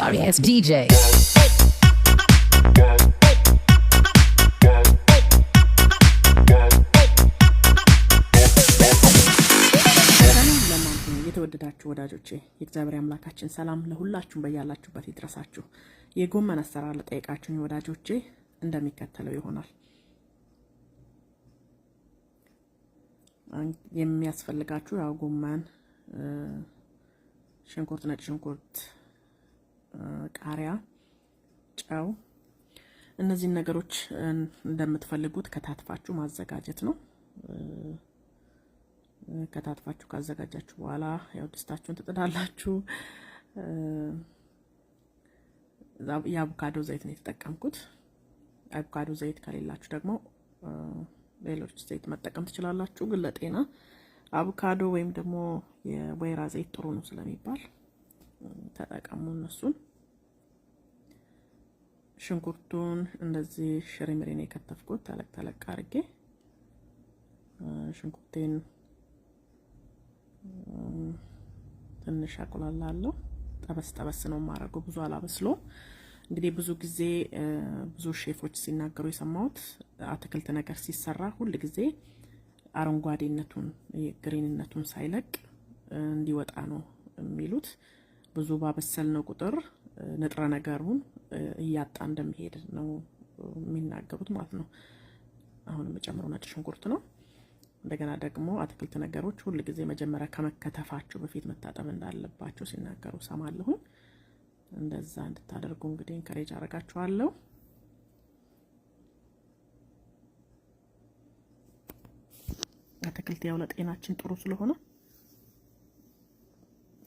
Sorry, it's DJ. የተወደዳችሁ ወዳጆቼ የእግዚአብሔር አምላካችን ሰላም ለሁላችሁም በያላችሁበት ይድረሳችሁ። የጎመን አሰራር ለጠየቃችሁኝ ወዳጆቼ እንደሚከተለው ይሆናል። የሚያስፈልጋችሁ ያው ጎመን፣ ሽንኩርት፣ ነጭ ሽንኩርት ቃሪያ፣ ጨው እነዚህን ነገሮች እንደምትፈልጉት ከታትፋችሁ ማዘጋጀት ነው። ከታትፋችሁ ካዘጋጃችሁ በኋላ ያው ድስታችሁን ትጥዳላችሁ። የአቮካዶ ዘይት ነው የተጠቀምኩት። አቮካዶ ዘይት ከሌላችሁ ደግሞ ሌሎች ዘይት መጠቀም ትችላላችሁ። ግን ለጤና አቮካዶ ወይም ደግሞ የወይራ ዘይት ጥሩ ነው ስለሚባል ተጠቀሙ እነሱን ሽንኩርቱን እንደዚህ ሽሪምሪን የከተፍኩት ተለቅ ተለቅ አርጌ ሽንኩርቴን ትንሽ አቁላላለሁ። ጠበስ ጠበስ ነው የማደርገው፣ ብዙ አላበስሎ እንግዲህ ብዙ ጊዜ ብዙ ሼፎች ሲናገሩ የሰማሁት አትክልት ነገር ሲሰራ ሁል ጊዜ አረንጓዴነቱን ግሪንነቱን ሳይለቅ እንዲወጣ ነው የሚሉት። ብዙ ባበሰል ነው ቁጥር ንጥረ ነገሩን እያጣ እንደሚሄድ ነው የሚናገሩት ማለት ነው። አሁን የምጨምረው ነጭ ሽንኩርት ነው። እንደገና ደግሞ አትክልት ነገሮች ሁል ጊዜ መጀመሪያ ከመከተፋቸው በፊት መታጠብ እንዳለባቸው ሲናገሩ ሰማለሁኝ። እንደዛ እንድታደርጉ እንግዲህ እንከሬጅ አደርጋችኋለሁ። አትክልት ያው ለጤናችን ጥሩ ስለሆነ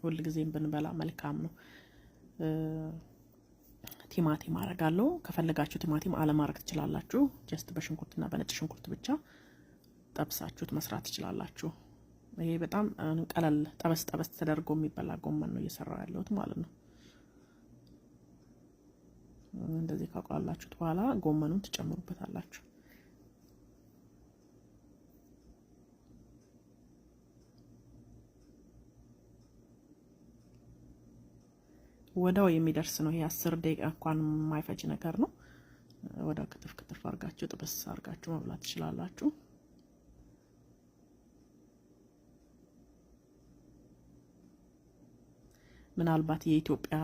ሁል ጊዜም ብንበላ መልካም ነው። ቲማቲም አረጋለሁ። ከፈለጋችሁ ቲማቲም አለማድረግ ትችላላችሁ። ጀስት በሽንኩርትና በነጭ ሽንኩርት ብቻ ጠብሳችሁት መስራት ትችላላችሁ። ይሄ በጣም ቀለል ጠበስ ጠበስ ተደርጎ የሚበላ ጎመን ነው እየሰራው ያለሁት ማለት ነው። እንደዚህ ካቆላላችሁት በኋላ ጎመኑን ትጨምሩበታላችሁ። ወዳው የሚደርስ ነው። ይሄ አስር ደቂቃ እንኳን የማይፈጅ ነገር ነው። ወዳው ክትፍ ክትፍ አርጋችሁ ጥብስ አርጋችሁ መብላት ትችላላችሁ። ምናልባት የኢትዮጵያ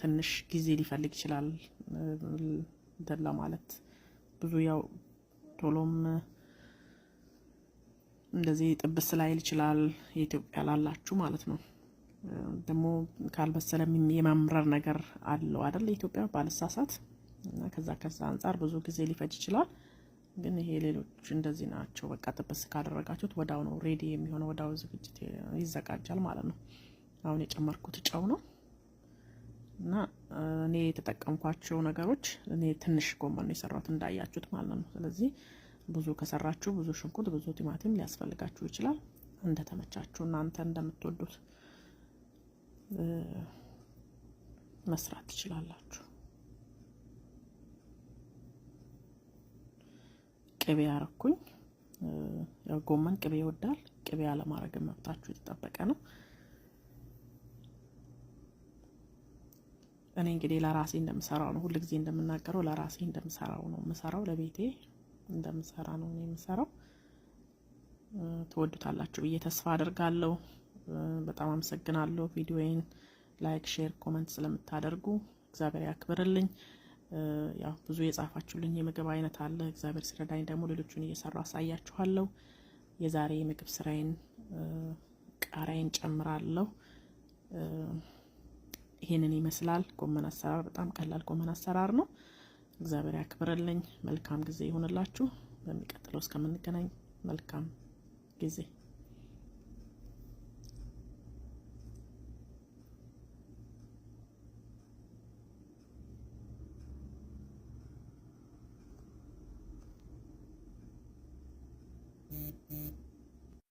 ትንሽ ጊዜ ሊፈልግ ይችላል እንትን ለማለት ብዙ ያው ቶሎም እንደዚህ ጥብስ ላይል ይችላል። የኢትዮጵያ ላላችሁ ማለት ነው። ደግሞ ካልበሰለም የማምረር ነገር አለው አይደል? ኢትዮጵያ ባልሳሳት እና ከዛ ከዛ አንጻር ብዙ ጊዜ ሊፈጅ ይችላል። ግን ይሄ ሌሎች እንደዚህ ናቸው። በቃ ጥብስ ካደረጋችሁት ወዳው ነው ሬዲ የሚሆነው፣ ወዳው ዝግጅት ይዘጋጃል ማለት ነው። አሁን የጨመርኩት ጨው ነው እና እኔ የተጠቀምኳቸው ነገሮች እኔ ትንሽ ጎመን ነው የሰራሁት እንዳያችሁት ማለት ነው። ስለዚህ ብዙ ከሰራችሁ ብዙ ሽንኩርት፣ ብዙ ቲማቲም ሊያስፈልጋችሁ ይችላል። እንደተመቻችሁ እናንተ እንደምትወዱት መስራት ትችላላችሁ። ቅቤ ያረኩኝ። ያው ጎመን ቅቤ ይወዳል። ቅቤ አለማድረግ መብታችሁ የተጠበቀ ነው። እኔ እንግዲህ ለራሴ እንደምሰራው ነው፣ ሁል ጊዜ እንደምናገረው ለራሴ እንደምሰራው ነው የምሰራው፣ ለቤቴ እንደምሰራ ነው የምሰራው። ትወዱታላችሁ ብዬ ተስፋ አድርጋለሁ። በጣም አመሰግናለሁ። ቪዲዮዬን ላይክ፣ ሼር፣ ኮመንት ስለምታደርጉ እግዚአብሔር ያክብርልኝ። ያው ብዙ የጻፋችሁልኝ የምግብ አይነት አለ። እግዚአብሔር ሲረዳኝ ደግሞ ሌሎቹን እየሰራሁ አሳያችኋለሁ። የዛሬ የምግብ ስራዬን ቃሪያን ጨምራለሁ። ይህንን ይመስላል ጎመን አሰራር። በጣም ቀላል ጎመን አሰራር ነው። እግዚአብሔር ያክብርልኝ። መልካም ጊዜ ይሁንላችሁ። በሚቀጥለው እስከምንገናኝ መልካም ጊዜ